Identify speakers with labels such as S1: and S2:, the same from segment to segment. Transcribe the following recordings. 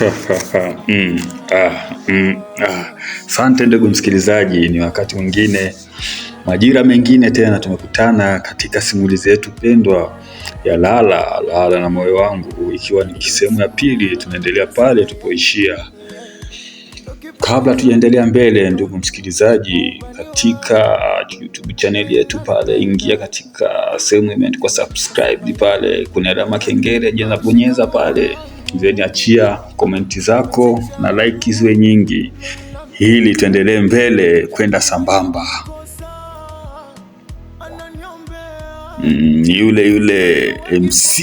S1: Mm, ah, mm, ah. Sante ndugu msikilizaji, ni wakati mwingine, majira mengine tena tumekutana katika simulizi yetu pendwa ya Lala Lala na Moyo Wangu, ikiwa ni sehemu ya pili. Tunaendelea pale tupoishia. Kabla tujaendelea mbele, ndugu msikilizaji, katika YouTube channel yetu pale, ingia katika sehemu imeandikwa subscribe pale, kuna alama kengele, jenza bonyeza pale, then achia komenti zako na like ziwe nyingi, ili tuendelee mbele kwenda sambamba. Mm, yule yule MC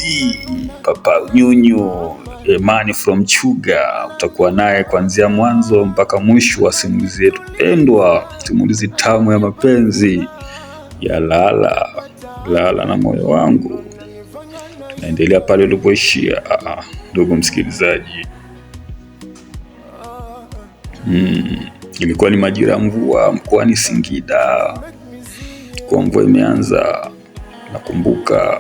S1: Papa Nyunyu Emani from Chuga utakuwa naye kuanzia mwanzo mpaka mwisho wa simulizi yetu pendwa, simulizi tamu ya mapenzi ya lala lala na moyo wangu. Tunaendelea pale ulipoishia ah, ah, ndugu msikilizaji. Hmm, ilikuwa ni majira ya mvua mkoani Singida, kwa mvua imeanza. Nakumbuka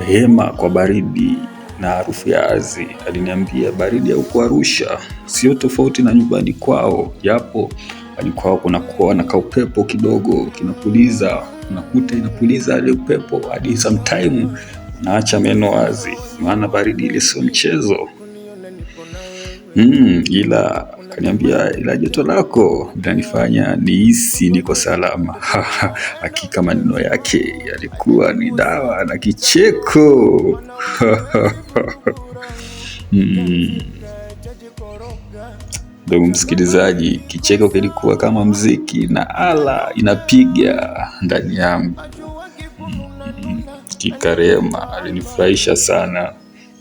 S1: rehema kwa baridi na harufu ya azi. Aliniambia baridi ya huko Arusha sio tofauti na nyumbani kwao, japo nyumbani kwao kunakuwa na kaupepo kidogo kinapuliza, unakuta inapuliza ile upepo hadi sometime naacha meno wazi, maana baridi ile sio mchezo. Mm, ila Kaniambia ila joto lako linanifanya nihisi niko salama. Hakika maneno yake yalikuwa ni dawa na kicheko. hmm. msikilizaji, kicheko kilikuwa kama mziki na ala inapiga ndani yangu. Mm, Kikarema alinifurahisha sana,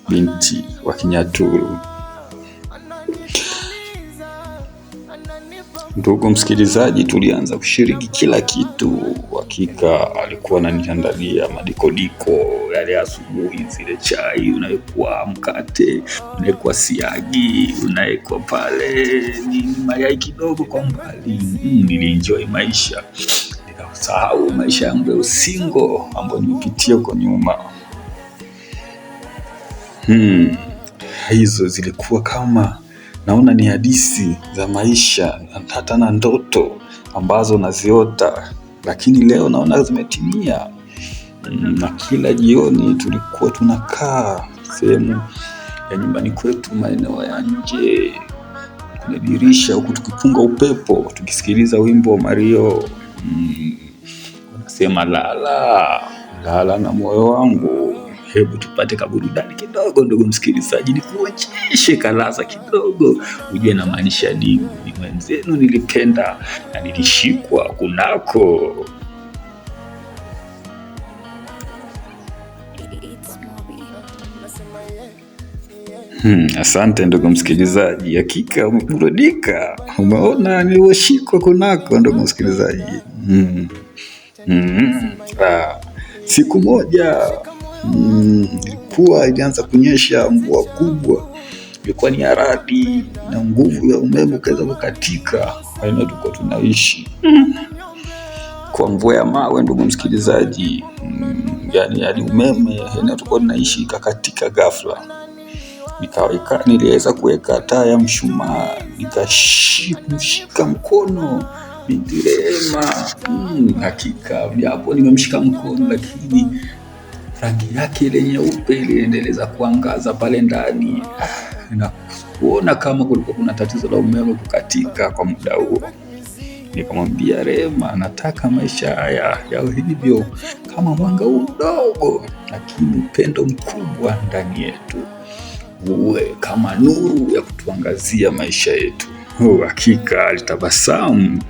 S1: binti wa Kinyaturu. Ndugu msikilizaji, tulianza kushiriki kila kitu. Hakika alikuwa ananiandalia madikodiko yale asubuhi, zile chai, unawekwa mkate, unawekwa siagi, unawekwa pale nini, mayai kidogo kwa mbali. Mm, nilienjoy maisha, nikasahau maisha yangu ya usingo ambayo nimepitia huko nyuma. Hmm, hizo zilikuwa kama naona ni hadithi za maisha, hata na ndoto ambazo naziota, lakini leo naona zimetimia. Mm, na kila jioni tulikuwa tunakaa sehemu ya nyumbani kwetu, maeneo ya nje kwenye dirisha, huku tukipunga upepo, tukisikiliza wimbo wa Mario, mm, unasema lala lala na moyo wangu hebu tupate kaburudani kidogo, ndugu msikilizaji, nikuonyeshe kalaza kidogo, ujue na maanisha nini. Ni mwenzenu nilipenda na nilishikwa kunako Hmm, asante ndugu msikilizaji, hakika umeburudika. Umeona nilioshikwa kunako, ndugu msikilizaji. Hmm. Hmm. Ah, siku moja mm, kuwa ilianza kunyesha mvua kubwa, ilikuwa ni aradi na nguvu ya umeme ukaweza kukatika aina tuko tunaishi kwa mvua ya mawe, ndugu msikilizaji, mm, yani hadi umeme aina tuko tunaishi ikakatika ghafla. Nikaweka, niliweza kuweka taa ya mshumaa, nikashika mkono binti Hmm, hakika japo nimemshika mkono, lakini rangi yake ile nyeupe iliendeleza kuangaza pale ndani na kuona kama kulikuwa kuna tatizo la umeme kukatika kwa muda huo. Nikamwambia Rema, nataka maisha haya yao hivyo kama mwanga huu mdogo, lakini upendo mkubwa ndani yetu uwe kama nuru ya kutuangazia maisha yetu. Oh, hakika alitabasamu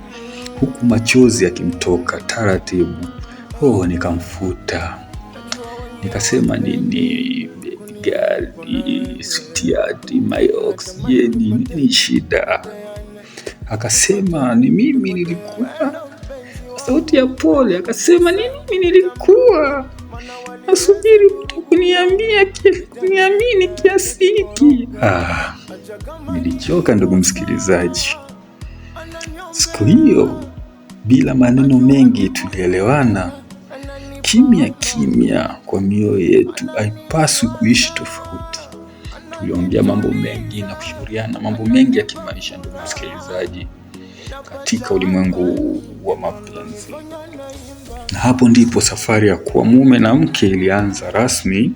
S1: huku machozi yakimtoka taratibu. Oh, nikamfuta nikasema ni, ni gari sitiati my nini shida? Akasema ni mimi nilikuwa sauti ya pole, akasema ni mimi nilikuwa nasubiri mtu kuniambia kuniamini kiasi hiki. Ah, nilichoka ndugu msikilizaji. Siku hiyo bila maneno mengi tulielewana kimya kimya kwa mioyo yetu haipaswi kuishi tofauti. Tuliongea mambo mengi na kushauriana mambo mengi ya kimaisha, ndugu msikilizaji, katika ulimwengu wa mapenzi. Na hapo ndipo safari ya kuwa mume na mke ilianza rasmi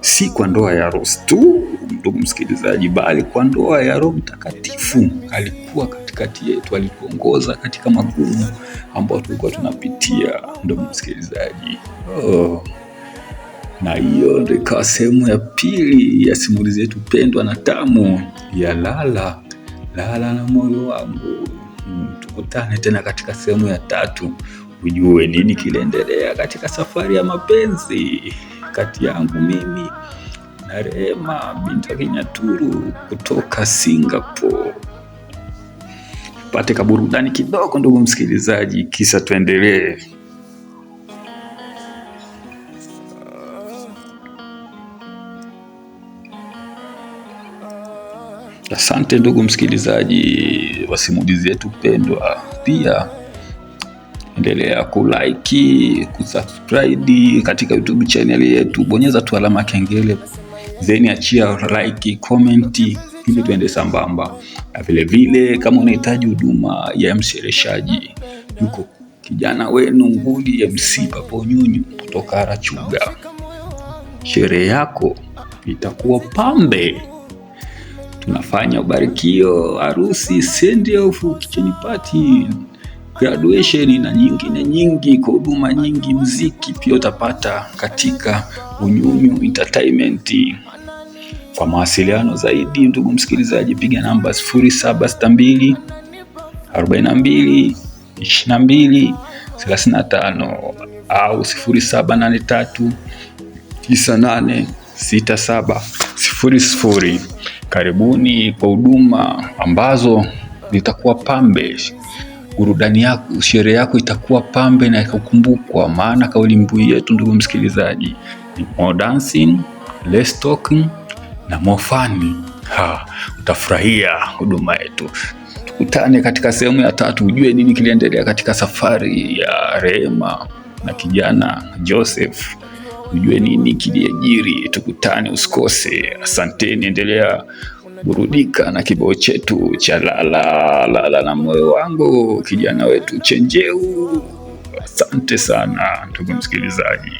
S1: si kwa ndoa ya Rose tu, ndugu msikilizaji, bali kwa ndoa ya Roho Mtakatifu. Alikuwa katikati yetu, alituongoza katika magumu ambayo tulikuwa tunapitia, ndugu msikilizaji oh. Na hiyo ndio ikawa sehemu ya pili ya simulizi yetu pendwa na tamu ya Lala Lala na Moyo Wangu. Hmm, tukutane tena katika sehemu ya tatu, ujue nini kiliendelea katika safari ya mapenzi kati yangu mimi na Rema binta Kinyaturu kutoka Singapore. Pate kaburudani kidogo, ndugu msikilizaji, kisa tuendelee. Asante ndugu msikilizaji wa simulizi yetu pendwa, pia endelea kulike, kusubscribe katika YouTube channel yetu, bonyeza tu alama kengele, then achia like, comment ili tuende sambamba, na vile vile kama unahitaji huduma ya msirishaji, yuko kijana wenu nguli MC Papo Nyunyu kutoka arachuga Sherehe yako itakuwa pambe, tunafanya ubarikio, harusi, send off, kitchen party graduation na nyingine nyingi, kwa huduma nyingi. Mziki pia utapata katika Bunyunyu Entertainment. Kwa mawasiliano zaidi, ndugu msikilizaji, piga namba 0762 42 22 35 au 0783 98 67 00. Karibuni kwa huduma ambazo litakuwa pambe burudani yako, sherehe yako itakuwa pambe na ikakumbukwa. Maana kauli mbiu yetu, ndugu msikilizaji, ni more dancing, less talking na more fun. Ha, utafurahia huduma yetu. Tukutane katika sehemu ya tatu, ujue nini kiliendelea katika safari ya Rehema na kijana Joseph, ujue nini kiliejiri. Tukutane, usikose. Asanteni, endelea burudika na kibao chetu cha lala lala na moyo wangu, kijana wetu Chenjeu. Asante sana ndugu msikilizaji.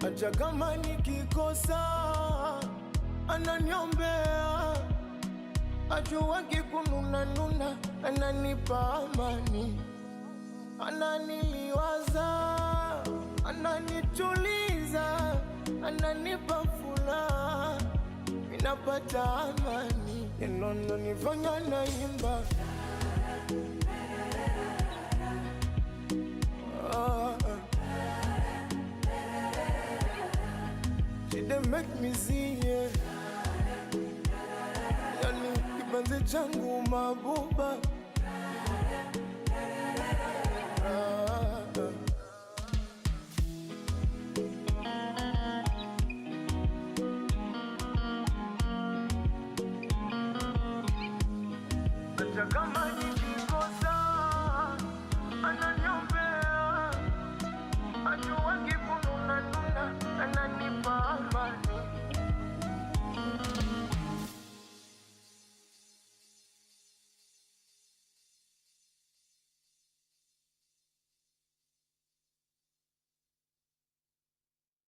S1: Hata kama nikikosa ananiombea, ajua kikununanuna, ananipa amani ananiliwaza, ananituliza, ananipa furaha, ninapata amani, neno linanifanya naimba Yani kipenzi changu mabuba